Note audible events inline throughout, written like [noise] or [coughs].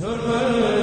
Zulfal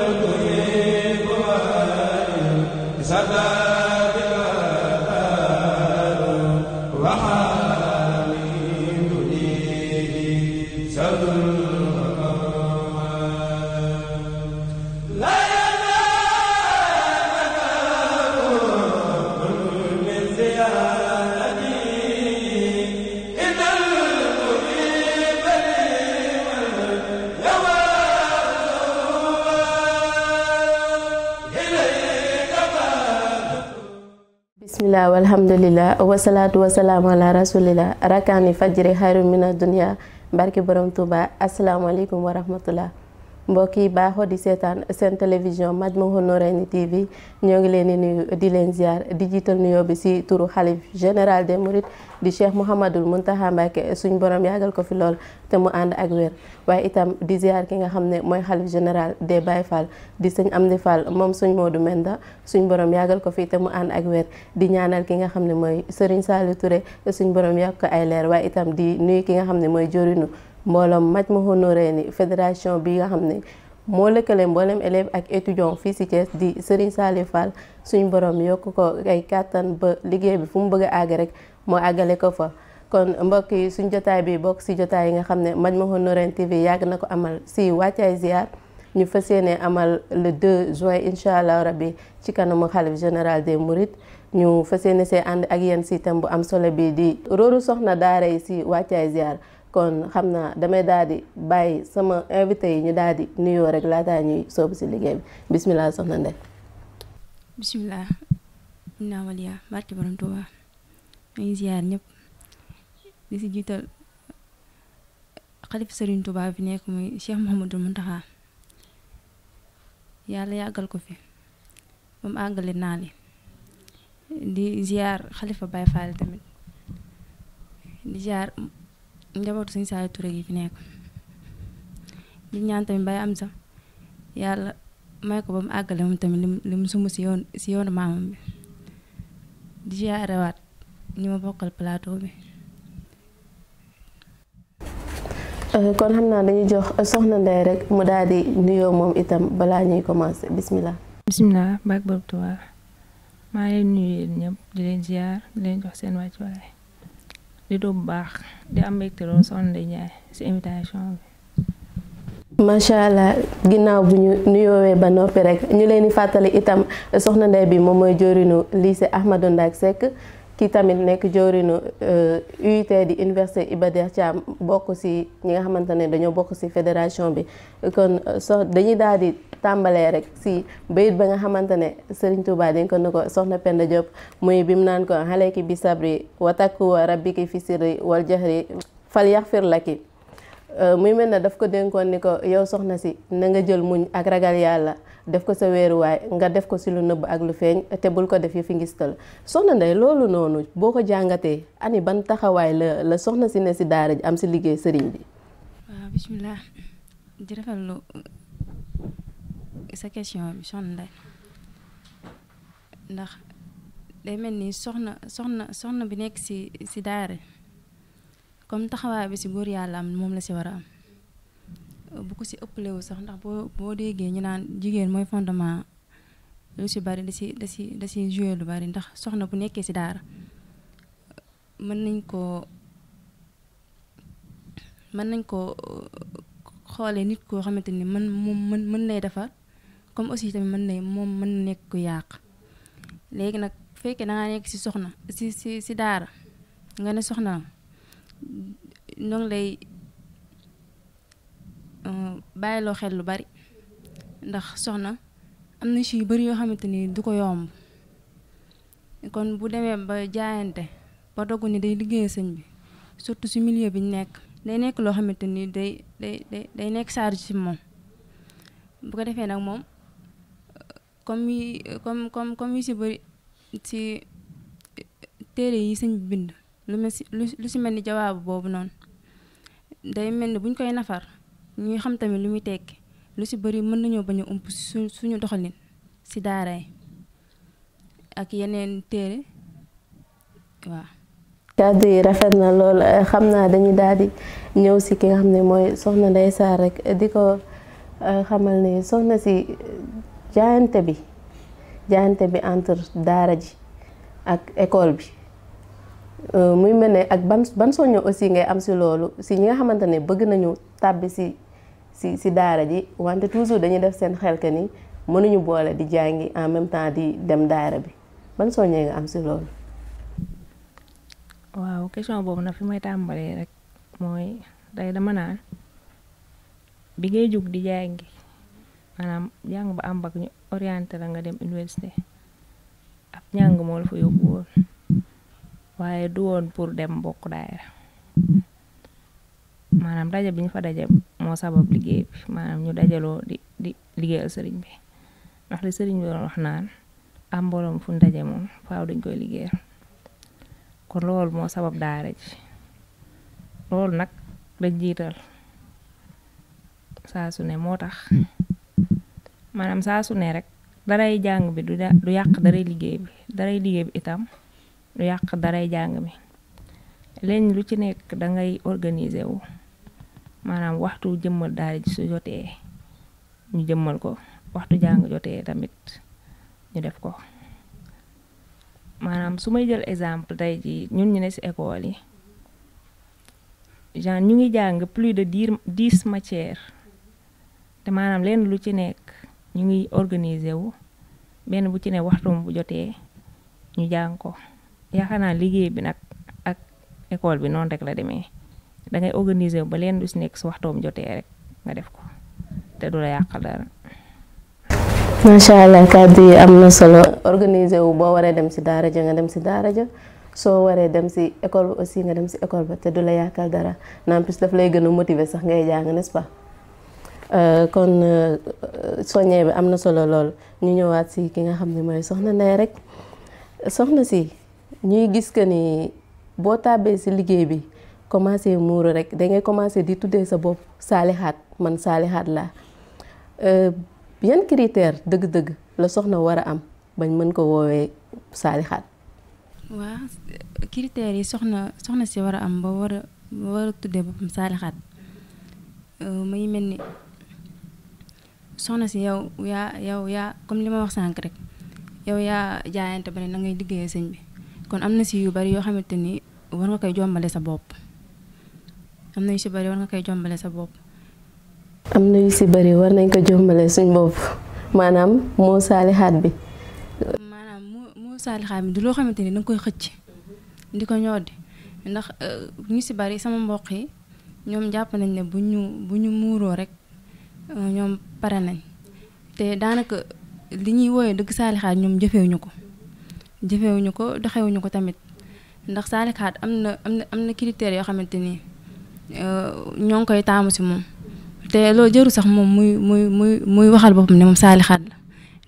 wasalaatu wasalaamu ala rasulillah rakaani fajri xayru mina dunya barki borom Touba asalaamaaleykum wa rahmatullah mbokk yi baaxoo di seetaan seen télévision Majmahun Nurayni TV ñoo ngi leen di nuyu di leen ziar di jiital nuyoo bi si turu xalif général des mourides di cheikh Mouhamadul Mountakha Mbacké suñ borom yagal ko fi lool te mu ànd ak wér waaye itam di ziar ki nga xam ne mooy xalif général des Baye Fall di sëñ Amdi Fall moom suñ Modou Menda suñ borom yàggal ko fi te mu ànd ak wér di ñaanal ki nga xam ne mooy Serigne Saliou ture suñ borom yàgg ko ay leer waaye itam di nuyu ki nga xam ne mooy jorinu mbooloom Majmahun Nurayni fédération bi nga xam ne moo lëkkale mboolem élève ak étudiant fii ci Thiès di Serigne Saliou Fall suñu borom yokk ko ay kàttan ba liggéey bi fu mu bëgg a àgg rek moo àggale ko fa. kon mbokk yi suñ jotaay bi bokk si jotaay yi nga xam ne ma Majmahun Nurayni TV yàgg na ko amal si wàccaay ziar ñu fas yéene amal le deux juin incha allah rabbi ci kanamu xalif général des Mourides. ñu fas yéene see ànd ak yéen si thème bu am solo bi di rooru soxna daara yi si wàccaay kon xam naa damay daal di bàyyi sama invité yi ñu daal di nuyoo rek laataa ñuy soobu si liggéey bi bisimilah soxna Ndeye. bisimilah. inna waliya barke borom Tuuba ñu ziyaar ñëpp di si jiital xalifa Serigne Touba fi nekk muy Cheikh Mouhamadou Mountakha yàlla yàggal ko fi ba mu àggale naa li di ziyaar xalifa Baye tamit di ziyaar. njabootu suñu Saliou Touré gi fi nekk di ñaan tamit bay am sax yàlla may ko ba mu àggale moom tamit lim lim suma si yoon si yoonu maamam bi di jaarewaat ñi ma bokkal plateau bi. Euh, kon xam naa dañuy jox soxna Ndeye rek mu daal di nuyoo moom itam balaa ñuy commencé bismillah. bismillah baag boobu tubaab maa ngi leen nuyu ñëpp di leen ziar leen jox seen wàccuwaay. di do bu baax di am mbégte lool soxna Ndeye Ndiaye si invitation bi. macha allah ginnaaw bu ñu nuyoowee ba noppi rek ñu leen di fàttali itam soxna Ndeye bi moom mooy joriñu lycée Ahmadou ak Seck. ki tamit nekk jëwriñu UIT euh, di université Iba Der Thiam bokk ci ñi nga xamante ne dañoo bokk ci fédération bi kon euh, so dañuy daal di tàmbalee rek si bayit ba nga xamante ne Serigne Touba dañ ko ko soxna Penda Diop muy bi mu naan ko xaleeki bi sabri wa takkuwa rabbiki fi sirri wal jahri fal yaxfir laki euh, muy mel daf ko dénkoon ni ko yow soxna si na nga jël muñ ak ragal yàlla def ko sa weeruwaay nga def ko si lu nëbb ak lu feeñ te bul ko def yëfi ngistal soxna Ndeye loolu noonu boo ko jàngatee ani ban taxawaay la la soxna si ne si daara ji am si liggéey sëriñ bi. waaw bisimilah di rafetlu euh, sa question bi soxna Ndeye ndax day mel ni soxna soxna soxna bi nekk si si daara comme taxawaay bi si góor yàlla am moom la si war a am. bu ko si ëppalewu sax ndax boo boo déggee ñu naan jigéen mooy fondement lu si bari da si da si da si joué lu bari ndax soxna bu nekkee si daara mën nañ koo mën nañ koo xoolee nit koo xamante ni man moom mën nay lay defar comme aussi tamit mën lay moom mën na nekk ku yàq léegi nag bu fekkee da nekk si soxna si si si daara nga ne soxnaam noonu lay. bàyyiloo xel lu bari ndax soxna am na si yu bari yoo xamante ni du ko yomb kon bu demee ba jaayante ba dogu ni day liggéey sëñ bi surtout si milieu bi ñu nekk day nekk loo xamante nii day day day nekk charge si moom bu ko defee nag moom comme yi comme comme comme yi si bëri si téere yi sëñ bi bind lu mel si lu si mel ni jawaabu boobu noonu day mel ni buñ koy nafar ñuy xam tamit lu muy tekki lu si bari mën nañoo bañ a ump su suñu doxalin si daara yi ak yeneen téere waaw. kàddu yi rafet na lool xam naa dañu daal ñëw si ki nga xam ne mooy soxna Ndeye Sarr rek di ko euh, xamal ne soxna si jaayante bi jaayante bi entre daara ji ak ecole bi. Euh, muy mel ne ak ban ban soñño aussi ngay am si loolu si ñi nga xamante ne bëgg nañu tàbbi si si si daara ji wante toujours dañuy def seen xel que ni mënuñu boole di jàngi en même temps di dem daara bi ban soññee nga am si loolu. waaw question boobu nag fi may tàmbalee rek mooy day dama naan bi ngay jug di jàngi maanaam jàng ba am bag ñu orienté la nga dem université ab njàng moo la fa yóbbu woon waaye du woon pour dem bokk daayira maanaam daje bi ñu fa daje moo sabab liggéey bi maanaam ñu dajaloo di di liggéeyal sëriñ bi ndax li sëriñ bi doon wax naan am mbooloom fu ñu daje moom faaw dañ koy liggéeyal kon loolu moo sabab daara ji loolu nag dañ jiital saa su ne moo tax maanaam saa su ne rek daray jàng bi du yàq daray liggéey bi daray liggéey bi itam lu yàq daray jàng bi leen lu ci nekk dangay organiser wu maanaam waxtu jëmmal daal ji su jotee ñu jëmmal ko waxtu jàng jotee tamit ñu def ko maanaam su may jël exemple tey ji ñun ñu ne si école yi genre ñu ngi jàng plus de dix dix matière te maanaam leen lu ci nekk ñu ngi organiser wu benn bu ci ne waxtu bu jotee ñu jàng ko yaakaar naa liggéey bi nag ak école bi noonu rek la demee da ngay organiser ba leen lu si nekk su waxtoom jotee rek nga def ko te du la yàqal dara. macha allah kàddu yi am na solo organiser wu boo waree dem si daara ja nga dem si daara ja soo waree dem si école ba aussi nga dem si école ba te du la yàqal dara en plus daf lay gën a motiver sax ngay jàng n'est-ce pas. Euh, kon euh, soññee bi am na solo lool ñu ñëwaat si ki nga xam ne mooy soxna Ndeye rek soxna si ñuy gis que ni boo tàbbee si liggéey bi. commencé muuru rek da ngay commencé di tuddee sa bopp saalixaat man saalixaat laa euh, yan critère dëgg-dëgg la soxna war a am bañ mën ko woowee saalixaat waaw critères yi soxna soxna si war a am ba war a war a tuddee boppam saalixaat euh, mu ngi mel ni soxna si yow yaa yow yaa comme li ma wax sànq rek yow yaa jaayante ba ne na ngay liggéeyee sëñ bi kon am na si yu bari yoo xamante ni war nga koy jombale sa bopp am na yu si bëri war nga koy jombale sa bopp. am na yu si bëri war nañ ko jombale suñ bopp maanaam moo saalixaat bi. maanaam moo moo saalixaat bi du loo xamante ni danga koy xëcc. di ko ñoodi ndax euh, ñu si bari sama mboq yi ñoom jàpp nañ ne bu ñu bu ñu muuroo rek euh, ñoom pare nañ te daanaka li ñuy wooyee dëgg saalixaat ñoom jëfewuñu ko jëfewuñu ko doxewuñu ko tamit ndax saalixaat am na am na am na critères yoo xamante ni. Euh, ñoo ngi koy taamu si moom te loo jëru sax moom muy muy muy muy waxal boppam ne moom saalixaat la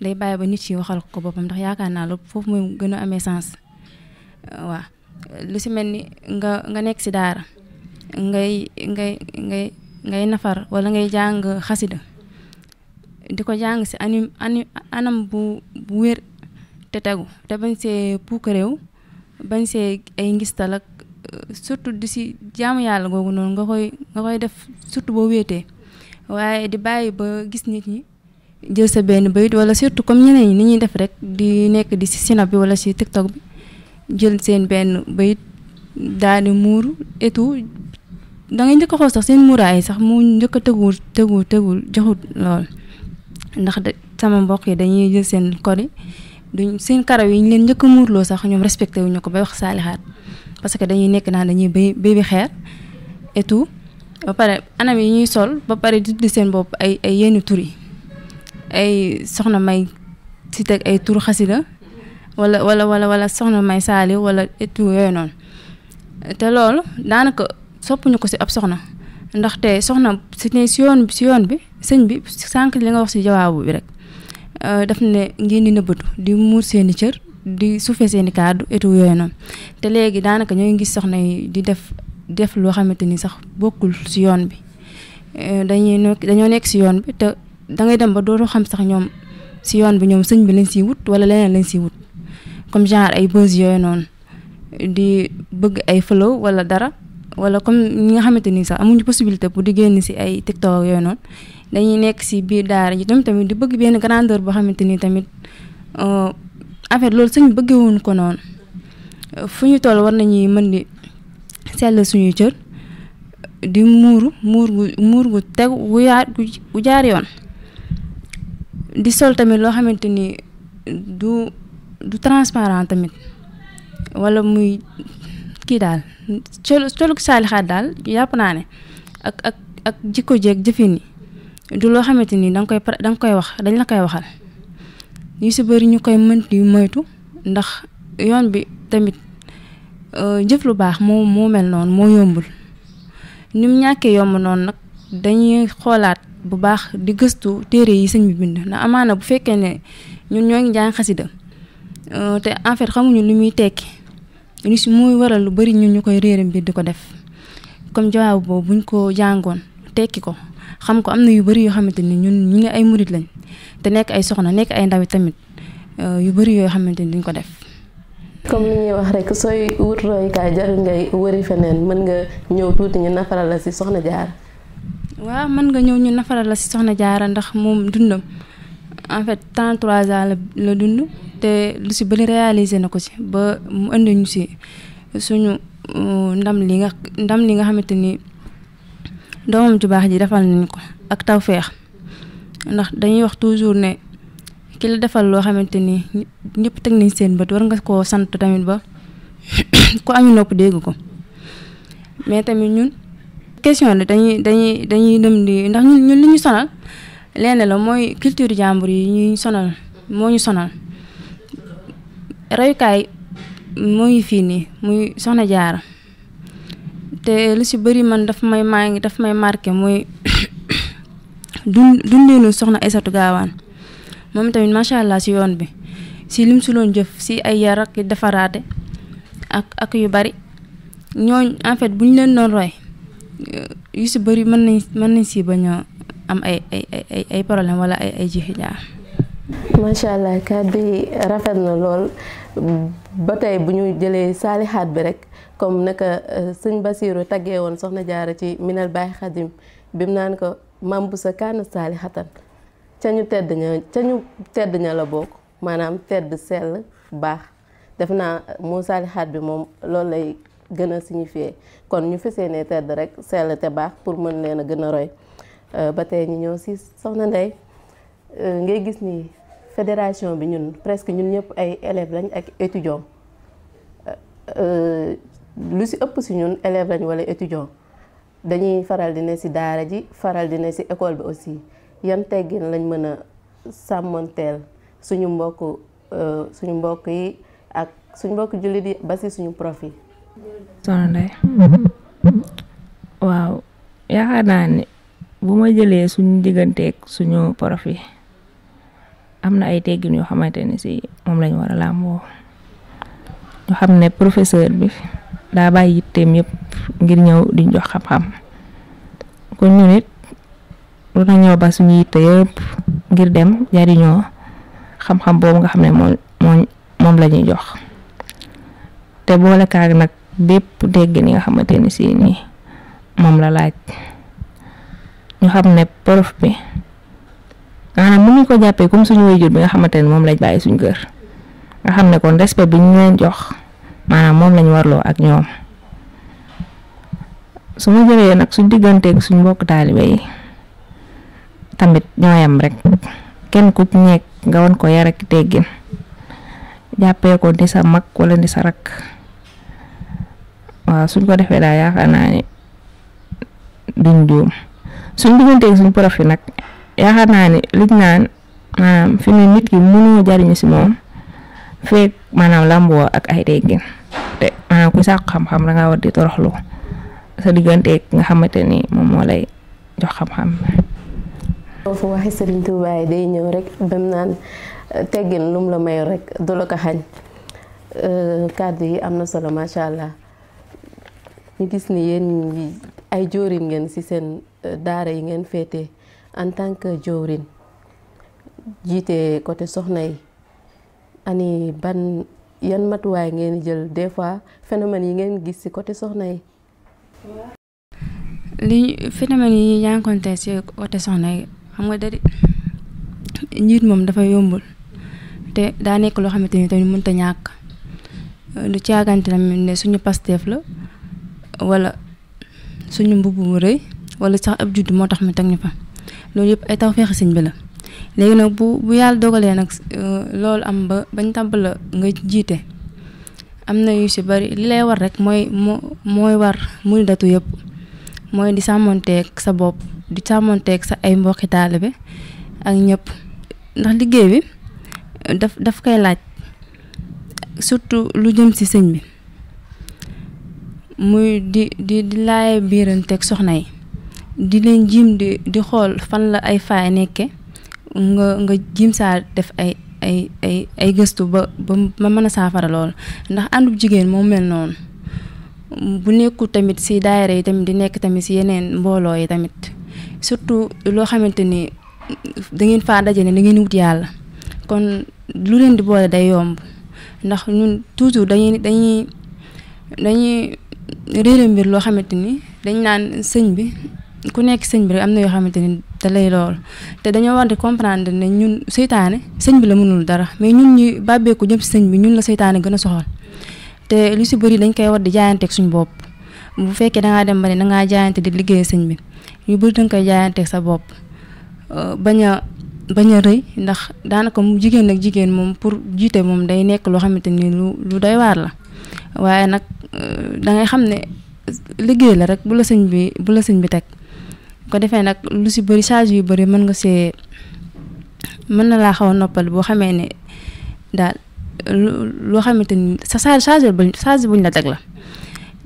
day bàyyi ba nit yi waxal ko boppam ndax yaakaar naa loolu foofu mooy gën a amee sens euh, waaw lu si mel ni nga nga nekk si daara ngay ngay ngay ngay nafar wala ngay jàng xasida di ko jàng si anim anam bu bu wér te tegu te bañ see puukaréew bañ see ay ngistal Euh, surtout di si jaamu yàlla googu noonu nga koy nga koy def surtout boo wéetee waaye di bàyyi ba gis nit ñi jël sa benn bayit wala surtout comme ñeneen ñi ni ñuy def rek di nekk di si sinap bi wala si tiktok bi jël seen benn bayit daal di muuru et tout da njëkk a xool sax seen muuraay sax mu njëkk a tëguwul tëguwul tëguwul joxut lool ndax sama mbokk yi dañuy jël seen kori duñ seen karaw yi ñu leen njëkk a muurloo sax ñoom respecté wuñu ko bay wax saalixaat parce que dañuy nekk naan dañuy béy béy bi xeer et tout ba pare anam yi ñuy sol ba pare di tuddi seen bopp ay ay yenn tur yi ay soxna may si teg ay tur xasida wala wala wala wala soxna may saali wala et tout noonu te loolu daanaka soppuñu ko si ab soxna ndaxte soxna si ne si yoon bi sëñ bi sànq li nga wax si jawaabu bi rek euh, daf ne ngeen di nëbbatu di muur seeni cër. di suufee seen i kàddu et yooyu noonu te léegi daanaka ñoo ngi gis soxna yi di def def loo xamante ni sax bokkul si yoon bi euh, dañuy dañoo nekk si yoon bi te da ngay dem ba dootoo xam sax ñoom si yoon bi ñoom sëñ bi lañ si wut wala leneen lañ siy wut comme genre ay buzz yooyu noonu di bëgg ay follow wala dara wala comme ñi nga xamante ni sax amuñu possibilité pour di génn si ay TikTok yooyu noonu dañuy nekk si biir daara ji tamit tamit di bëgg benn grandeur boo xamante ni tamit. Euh, en loolu loolu bëggee bëggewuñ ko noonu fu ñu toll war nañuy mën di sell suñuy cër di muuru muur gu muur gu teg gu yaar gu jaar yoon di sol tamit loo xamante ni du du transparent tamit wala muy kii daal col colug saalixaat daal yàpp naa ne ak ak ak jikko jeeg jëfin yi du loo xamante nii danga koy danga koy wax dañ la koy waxal yu si bëri ñu koy mën di moytu ndax yoon bi tamit euh, jëf lu baax moo moo mel noonu moo yombul ni mu ñàkkee yomb noonu nag dañuy xoolaat bu baax di gëstu téere yi sëñ bi bind na amaana bu fekkee ne ñun ñoo ngi jàng xasida euh, te en fait xamuñu lu muy tekki li si muy waral lu bëri ñun ñu koy réeram bi di ko def comme jawaab boobu buñ ko jàngoon tekki ko xam ko am na yu bëri yoo xamante ni ñun ñu nga ay murit lañ te nekk ay soxna nekk ay ndaw tamit euh, yu bëri yoo xamante ni duñ ko def. comme li ñuy wax rek sooy wut royukaay jarul ngay wëri feneen mën nga ñëw tuuti ñu nafaral la si soxna jaar. waaw mën nga ñëw ñu nafaral si soxna jaara ndax moom dundam en fait 33 ans la la dund te lu si bëri réaliser na ko si ba mu indi ñu si suñu euh, ndam li nga ndam li nga xamante ni doomam ju baax ji defal nañ ko ak taw feex ndax dañuy wax toujours ne ki la defal loo xamante ni ñëpp teg nañ seen bët war nga ko sant tamit ba [coughs] ku añu nopp dégg ko mais tamit ñun question la dañuy dañuy dañuy dem di ndax ñun li ñu sonal lenn la mooy culture jàmbur yi ñuy sonal moo ñu sonal reyukaay moo ngi fii nii muy soxna jaara te lu si bëri man daf may maa ngi daf may marqué mooy [coughs] dun dundeelu soxna Aysatu Gaawaan moom tamit macha allah si yoon bi si lim su loon jëf si ay yar ak defaraate ak ak yu bari ñooñ en fait bu ñu leen doon roy euh, yu si bëri mën nañ mën nañ si bañ a am ay ay ay ay problème wala ay ay jixi jaar macha allah kàddu rafet na lool ba tey bu ñu jëlee saalixaat bi rek comme naka euh, sëñ Basiiru taggee woon soxna jaaro ci minal baay xadim bim naan ko maam bu sa kaanu saali xatan ca ñu tedd ña ca ñu tedd ña la bokk maanaam tedd sell baax def naa mu saali xaat bi moom loolu lay gën a signifié kon ñu fesee ne tedd rek sell te baax pour mën leen a gën a roy euh, ba tey ñu ñëw si soxna Ndey euh, ngay gis ni fédération bi ñun presque ñun ñëpp ay élèves lañ ak étudiants euh, lu si ëpp si ñun élèves lañ wala étudiants dañuy faral di ne si daara ji faral di ne si école bi aussi yan teggin lañ mën a sàmmanteel suñu mbokk euh, suñu mbokk yi ak suñu mbokk jullit yi ba si suñu prof yi. soxna waaw yaakaar naa ne bu ma jëlee suñu digganteek suñu prof am na ay teggin yoo xamante ne si moom lañu war a làmboo ñu xam ne professeur bi. daa bàyyi yitteem yëpp ngir ñëw di jox xam-xam kon ñu nit lu tax ñëw ba suñu yitte yëpp ngir dem jariñoo xam-xam boobu nga xam ne moom la ñuy jox te boole kaag nag bépp dégg ni nga xamante ni si nii moom la laaj ñu xam ne prof bi maanaam mënuñ ko jàppee comme suñu waajur bi nga xamante ne moom lañ bàyyi suñu kër nga xam ne kon respect bi ñu leen jox. maanaam moom lañ warloo ak ñoom su ma jëlee nag suñ digganteeg suñ mbokk taalibe yi tamit ñooyam rek kenn ku ci nekk nga won ko yar ak jàppee ko ni sa mag wala ni sa rakk waaw suñ ko defee daal yaakaar naa ni duñ juum suñ digganteeg suñ prof yi nag yaakaar naa ni liñ naan maanaam fi mu nit ki mënoo jariñu si moom feeg maanaam làmboo ak ay déggin te maanaam ku sàq xam-xam da ngaa war di toroxlu sa digganteeg nga xamante ni moom moo lay jox xam-xam. foofu waxi Serigne Touba yi day ñëw rek bam naan teggin lum la mayo rek du la ko xañ euh, kàddu yi am na solo macha allah ñu gis ni yéen ay jóorin ngeen ci seen euh, daara yi ngeen féete en tant que jóorin jiite côté soxna yi. ani ban yan matuwaay ngeen jël des fois phénomènes yi ngeen gis ci côté soxna yi. li phénomènes yi ñu jànkoonte ci côté soxna yi xam nga dari njiit moom dafa yombul te daa nekk loo xamante ni tamit mënut ñàkk lu caagante tamit ne suñu pasteef la walla suñu mbubb mu rëy wala sax ab judd moo tax mu teg ñu fa loolu yëpp ay tawfeexi sëñ bi la. léegi nag bu bu yàlla dogalee nag euh, loolu am ba bañ tàbb la nga jiite am na yu si bari li lay war rek mooy moo mooy war muy datu yëpp mooy di sàmmonteeg sa bopp di sàmmonteeg sa ay mbokki taalibe ak ñépp ndax liggéey bi euh, daf daf koy laaj surtout lu jëm si sëñ bi muy di di di laay biiranteeg soxna yi di leen jiim di di xool fan la ay faay nekke nga nga jim saa def ay ay ay ay gëstu ba ba ma mën a saafara lool ndax àndub jigéen moom mel noonu bu nekkul tamit si daayira yi tamit di nekk tamit si yeneen mbooloo yi tamit surtout loo xamante ni da ngeen faa daje ne da ngeen wut yàlla kon lu leen di boole day yomb ndax ñun toujours dañuy dañuy dañuy mbir loo xamante ni dañ naan sëñ bi ku nekk sëñ bi rek am na yoo xamante ni te lay loolu te dañoo war di comprendre ne ñun seytaane sëñ bi la mënul dara mais ñun ñuy bàbbeeku jëm sëñ bi ñun la seytaane gën a soxal te lu si bëri dañ koy war di jaayanteeg suñ bopp bu fekkee da dem ba ne da ngaa jaayante di liggéey sëñ bi ñu bëri da koy jaayanteeg sa bopp euh, bañ a bañ a rëy ndax daanaka mu jigéen ak jigéen moom pour jiite moom day nekk loo xamante ni lu lu doy waar la waaye nag euh, da ngay xam ne liggéey la rek bu la sëñ bi bu la sëñ bi teg. ko defee nag lu si bëri charge yu bëri mën nga see mën na laa xaw a noppal boo xamee ne daal loo xamante ni sa charge charge buñ charge buñ la teg la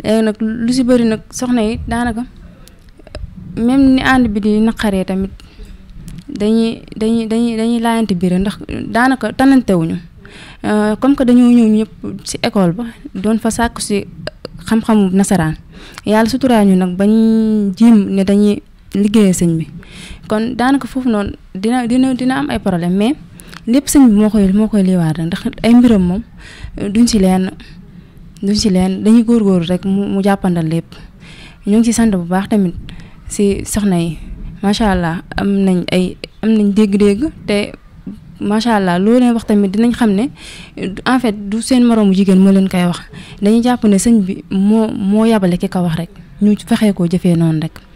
léegi nag lu si bëri nag soxna yi daanaka même ni ànd bi di naqaree tamit dañuy dañuy dañuy dañuy laayante biir ndax daanaka tanantewuñu euh, comme que dañoo ñëw ñëpp si école ba doon fa sàkku si xam-xamu nasaraan yàlla suturaañu nag bañ jéem ne dañuy liggéeyee sëñ bi kon daanaka foofu noonu dina dina dina am ay problème mais lépp sëñ bi moo koy moo koy liwaat ndax ay mbiram moom euh, duñ si leen duñ si leen dañuy góorgóorlu rek mu mu jàppandal lépp ñoo ci si bu baax tamit si soxna yi macha allah am nañ ay am nañ dégg-dégg te macha allah loo leen wax tamit dinañ xam ne en fait du seen moroomu jigéen moo leen koy wax dañuy jàpp ne sëñ bi moo moo yabale ki ko wax rek ñu fexe koo jëfee noonu rek.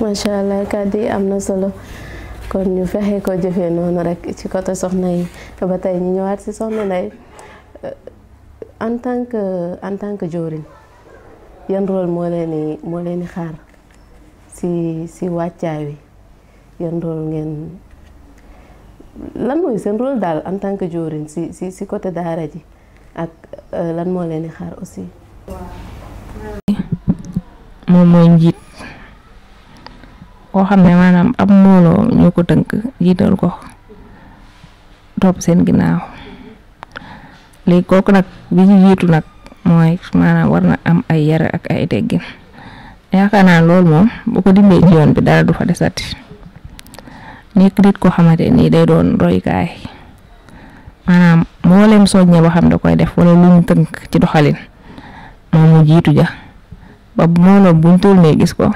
macha allah kàddu yi am na solo kon ñu fexe ko jëfee noonu rek ci côté soxna yi ba tey ñu ñëwaat si soxna Ndeye euh, en tant que tant que joorin yan rôle moo leen di moo xaar si si wàccaay wi yan rôle ngeen lan mooy seen rôle daal en tant que joorin si si côté daara ji ak euh, lan moo leen di xaar aussi. koo xam ne maanaam ab mbooloo ñoo ko tënk jiital ko topp seen ginnaaw léegi kooku nag bi ñu jiitu nag mooy maanaam war na am ay yare ak ay teggin yaakaar naa lool moom bu ko dimbee ci bi dara du fa desati nekk nit ko xamante nii day doon roykaay maanaam mboolem soññe boo xam da koy def wala lu tënk ci doxalin moom mu jiitu ja ba mbooloo buñ tourné gis ko.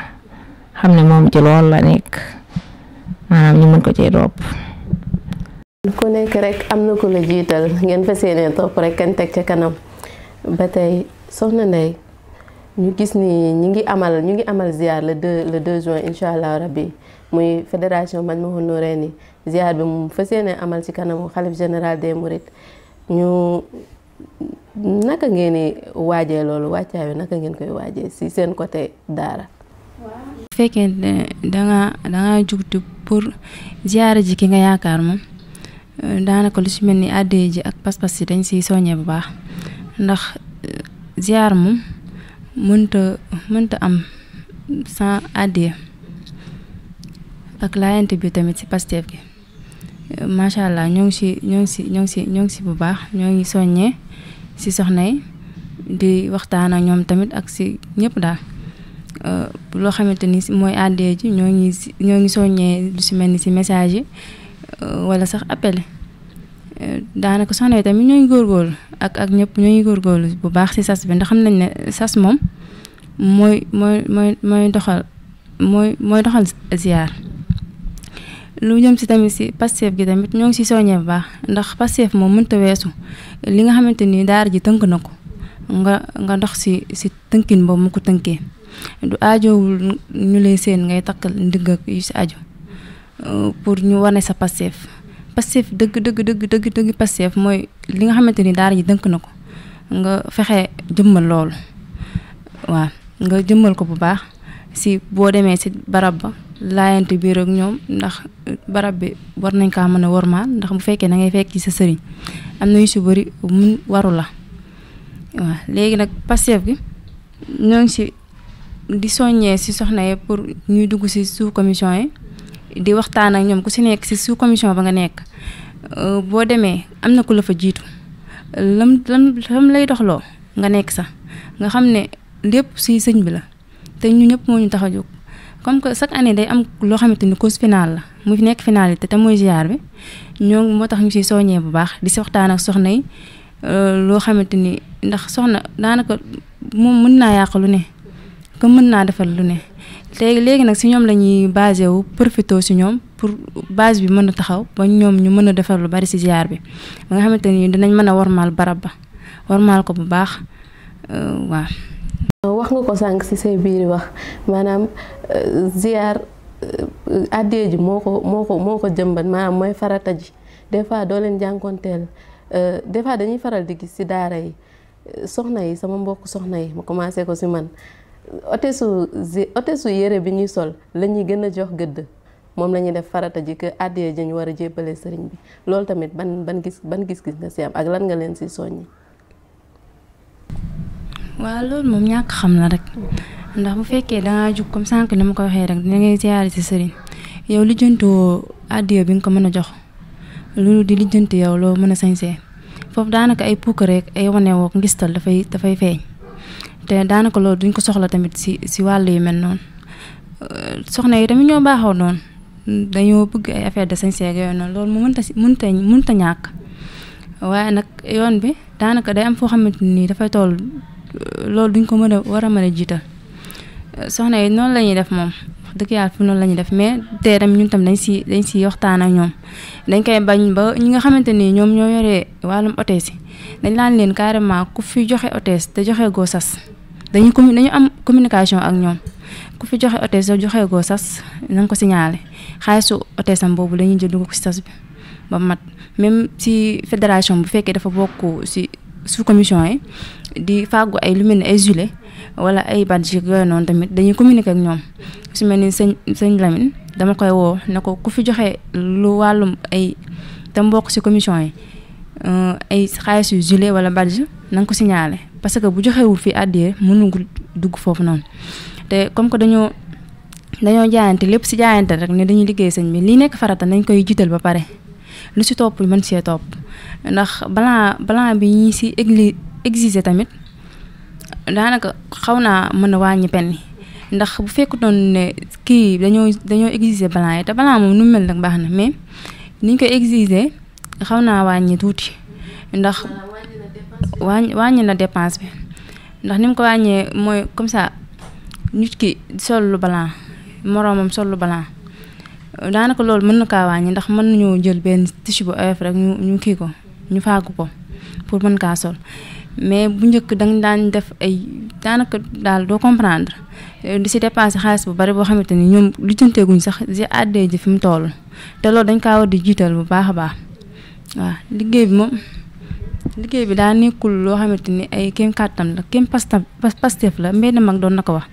xam ne moom ci lool la nekk maanaam ñu mën ko ci topp ku nekk rek am na ko la jiital ngeen fas yéene topp rek kan teg ca kanam ba tey soxna Ndeye ñu gis ni ñu ngi amal ñu ngi amal ziar le 2 le juin incha allah rabbi muy fédération Majmahun Nurayni ziar bi mu fas yéene amal ci kanamu xalif général des Mourides ñu naka ngeen di waajee loolu wàccaay bi naka ngeen koy waajee si seen côté daara. bu fekkee danga danga jug pour ziyaara ji ki nga yaakaar moom daanaka lu ci mel ni àddee ji ak pas-pas yi dañ siy soñee bu baax ndax ziyaar moom mënta mënta am sans àddee ak laayante bi tamit ci Pastef gi macha allah ñoo ngi si ñoo ngi si ñoo ngi si bu baax ñoo ngi soññee si soxna yi di waxtaan ak ñoom tamit ak si ñëpp daal. Euh, loo xamante ni mooy addee ji ñoo ngi si ñoo ngi soññee lu si mel ni si message yi euh, wala sax appel euh, daanaka soxna yi tamit ñoo ngi góorgóorlu ak ak ñëpp ñoo ngi góorgóorlu bu baax si sas bi ndax xam nañ ne sas moom mooy mooy mooy mooy doxal mooy mooy doxal ziar lu jëm si tamit si Pastef gi tamit ñoo ngi si soññee bu baax ndax Pastef moom mënta weesu li nga xamante ni daara ji tënk na ko nga nga dox si si tënkin boobu mu ko tënkee. du aajowul ñu lay séen ngay takk ndigg ak yu si aajo euh, pour ñu wane sa Pastef Pastef dëgg dëgg dëgg dëgg dëgg Pastef mooy li nga xamante ni daara ji dënk na ko nga fexe jëmmal loolu waaw nga jëmmal ko bu baax si boo demee si barab ba laayante biir ak ñoom ndax barab bi war nañ kaa mën a wormaal ndax bu fekkee da ngay fekk ci sa sëriñ am na yu si bëri mun waru la léegi nag Pastef gi ñoo si di soññee si soxna yi pour ñuy dugg si su commission yi di waxtaan ak ñoom ku si nekk si sous commission ba nga nekk euh, boo demee am na ku la fa jiitu lam lam lam lay loo nga nekk sax nga xam ne lépp si sëñ bi la te ñu ñëpp moo ñu tax a jóg comme que chaque année day am loo xamante ni cause finale la mu nekk finalité te mooy ziar bi ñoo moo tax ñu si soññee bu baax di si waxtaan ak soxna yi euh, loo xamante ni ndax soxna daanaka moom mën naa yàq lu ne que mën naa defal lu ne léegi léegi nag si ñoom la ñuy basé wu profité si ñoom pour base bi mën a taxaw ba ñoom ñu mën a defar lu bari si ziar bi ba nga xamante ni dinañ mën a warmaal barab ba warmaal ko bu baax euh, waaw. wax nga ko sànq si say biir wax maanaam euh, ziar euh, addee ji moo ko moo ko moo ko jëmbat maanaam mooy farata ji des fois doo leen jànkonteel des fois dañuy faral di gis si daara yi soxna yi sama mbokk soxna yi ma commencé ko si man. otesu otesu yére bi ñuy sol lañuy gën a jox gëdd moom lañuy def farata ji que àddiyee ji war a jébbale sëriñ bi loolu tamit ban gis ban gis-gis nga si am ak lan nga leen si soññi. waaw loolu moom ñàkk xam na rek ndax bu fekkee dangaa jug comme sànq ni ma ko waxee rek da ngay ziyaare si sëriñ yow lijjantoo àddiyee bi nga ko mën a jox loolu di lijjanti yow loo mën a sañsee foofu daanaka ay puuk rek ay wane wook ngistal dafay dafay feeñ. te daanaka loolu duñ ko soxla tamit si si wàll yu mel noonu euh, soxna yi tamit ñoo baaxoo noonu dañoo bëgg ay affaire de sañse ak yooyu noonu loolu mu mënta si mënta ñàkk waaye nag yoon bi daanaka day foo xamante ni dafay toll euh, loolu duñ ko mën a war a mën a jiital euh, soxna yi noonu la ñuy def moom wax dëgg yàlla fi noonu la def mais tey tam ñun tam dañ si dañ si waxtaan ak ñoom dañ koy bañ ba ñi nga xamante ni ñoom ñoo yoree wàllum otees yi dañ laan leen carrément ku fi joxe otees te joxe goo sas dañuy commu dañu am communication ak ñoom ku fi joxe hôtesse soo joxee goo sas na ko ko signalé xaalisu hôtesse am boobu la ñuy jël dugg ko si sas bi ba mat même si fédération bu fekkee dafa bokk si su commission yi di fàggu ay lu mel ni ay julet wala ay badge yooyu noonu tamit dañuy communiquer ak ñoom su mel ni sëñ sëñ Lamine dama koy woo ne ko ku fi joxe lu wàllum ay tam bokk si commission yi. Euh, ay xaalis yu gilet wala badge na ko si signalé parce que bu joxewul fii àddiyee mënugul dugg foofu noonu te comme que dañoo dañoo jaayante lépp si jaayante rek ne dañuy liggéey sëñ bi lii nekk farata nañ koy jiital ba pare lu si topp mën see topp ndax balaa balaa bi ñi si egli exiger tamit daanaka xaw naa mën a wàññi penn ndax bu fekkutoon ne kii dañoo dañoo exiger balaa yi te balaa moom nu mel nag baax na mais niñ koy exiger. xaw naa wàññi tuuti ndax wàññi wàññi na dépense bi ndax nim ko wàññee mooy comme ça nit ki sol lu balaa moroomam solu lu balaa daanaka loolu mën na kaa wàññi ndax mën nañoo jël benn tissu bu oyof rek ñu ñu kii ko ñu faagu ko pour mën kaa sol mais bu njëkk dañ daan def ay daanaka daal doo comprendre di si dépenser xaalis bu bari boo xamante ni ñoom lijjanteeguñ sax si àddee ji fi mu toll te loolu dañ kaa war di jiital bu baax a baax. waaw liggéey bi moom liggéey bi daa nekkul loo xamante ni ay kéem kàttan la kéem pasta pastef la mbenn mag doon na ko wax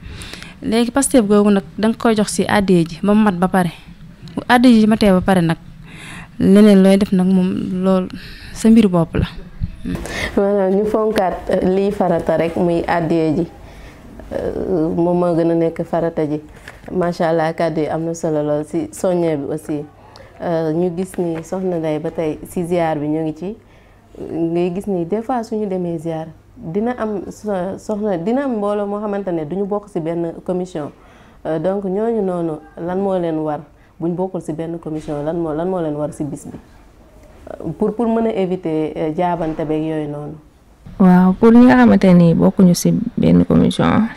léegi pastef googu nag danga koy jox si addiya ji ba mu ba pare bu addiya ji ba pare nag leneen looy def nag moom lool sa mbir bopp la. maanaam ñu fonkaat eh, lii farata rek muy addiya ji eh, moom moo gën a nekk farata ji macha allah kàddu yi am na solo lool si soññee bi aussi. Euh, ñu gis ni soxna Ndeye ba tey si ziar bi ñoo ngi ci ngay gis nii des fois suñu demee ziar dina am soxna dina am mbooloo moo xamante ne duñu bokk si benn commission euh, donc ñooñu noonu lan moo leen war buñ bokkul si benn commission lan moo lan moo leen war si bis bi euh, pour pour mën a éviter jaabante beeg yooyu noonu. waaw pour ñi nga xamante ni bokkuñu si benn commission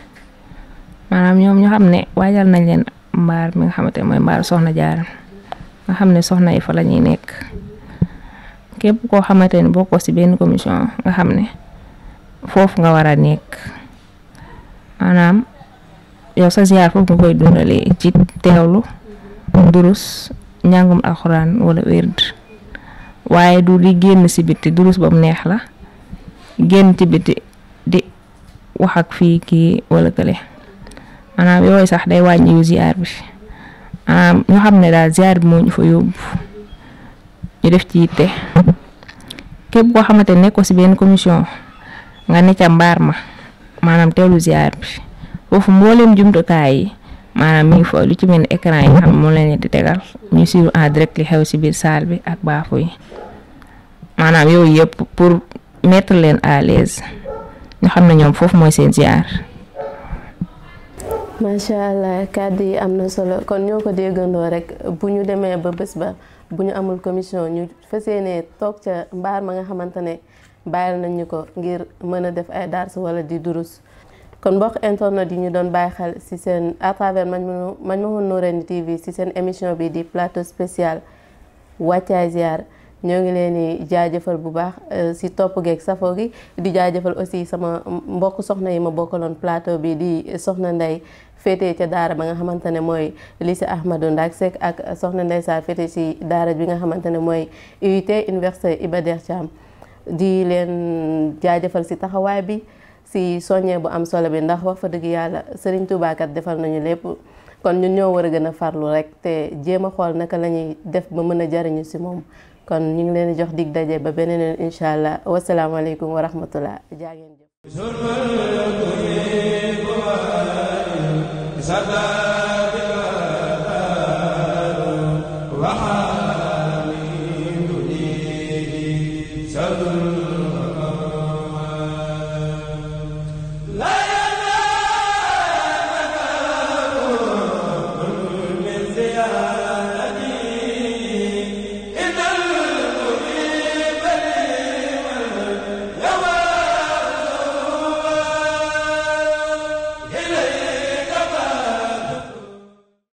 maanaam ñoom ñoo xam ne waajal nañ leen mbaar mi nga xamante ne mooy mbaaru soxna jaaram nga xam ne soxna yi fa la ñuy nekk képp koo xamante ne ko ci benn commission nga xam ne foofu nga war a nekk maanaam yow sa ziar foofu nga koy dundalee ci teewlu durus njàngum alxuraan wala wird waaye du di génn ci biti durus ba mu neex la génn ci biti di waxak ak fii kii wala kële maanaam yooyu sax day wàññi yu ziar bi. Ah, ñu xam ne daal ziar bi moo ñu fa yóbbu ñu def ci yitte képp koo xamante ne ko si benn commission nga ne ca mbaar ma maanaam teelu ziar bi foofu mbooleem jumtukaay yi maanaam mi ngi fa lu ci mel ni écran yi xam moo leen di tegal ñu suivre en direct li xew ci biir saal bi ak baafu yi maanaam yooyu yëpp pour mettre leen à l'aise ñu xam ne ñoom foofu mooy seen ziar. macha allah kàddu yi am na solo kon ñoo ko déggandoo rek bu ñu demee ba bés ba bu ñu amul commission ñu fas ne toog ca mbaar ma nga xamante ne bàyyil nañ ñu ko ngir mën a def ay dars wala di durus. kon mbokk internet yi ñu doon bàyyi xel ci seen à travers Majmahun Nurayni TV ci seen émission bi di plateau spécial wàccaay ziar ñoo ngi leen di jaajëfal bu baax euh, ci topp geek safo gi di jaajëfal aussi sama mbokk soxna yi ma bokkaloon plateau bi di soxna Ndey féetee ca daara ba nga xamante ne mooy lycée Ahmadou Ndak Seck ak soxna Ndeye Sarr féetee ci daara bi nga xamante ne mooy UIT université Iba Der am di leen jaajëfal ci taxawaay bi ci soññee bu am solo bi ndax wax fa dëgg yàlla Serigne Touba defal nañu lépp kon ñun ñëw war a gën a farlu rek te jéem a xool naka la ñuy def ba mën a jariñu ci moom kon ñu ngi leen jox dig daje ba beneen incha allah wasalaamaaleykum wa rahmatullah jaa ngeen jëf Saba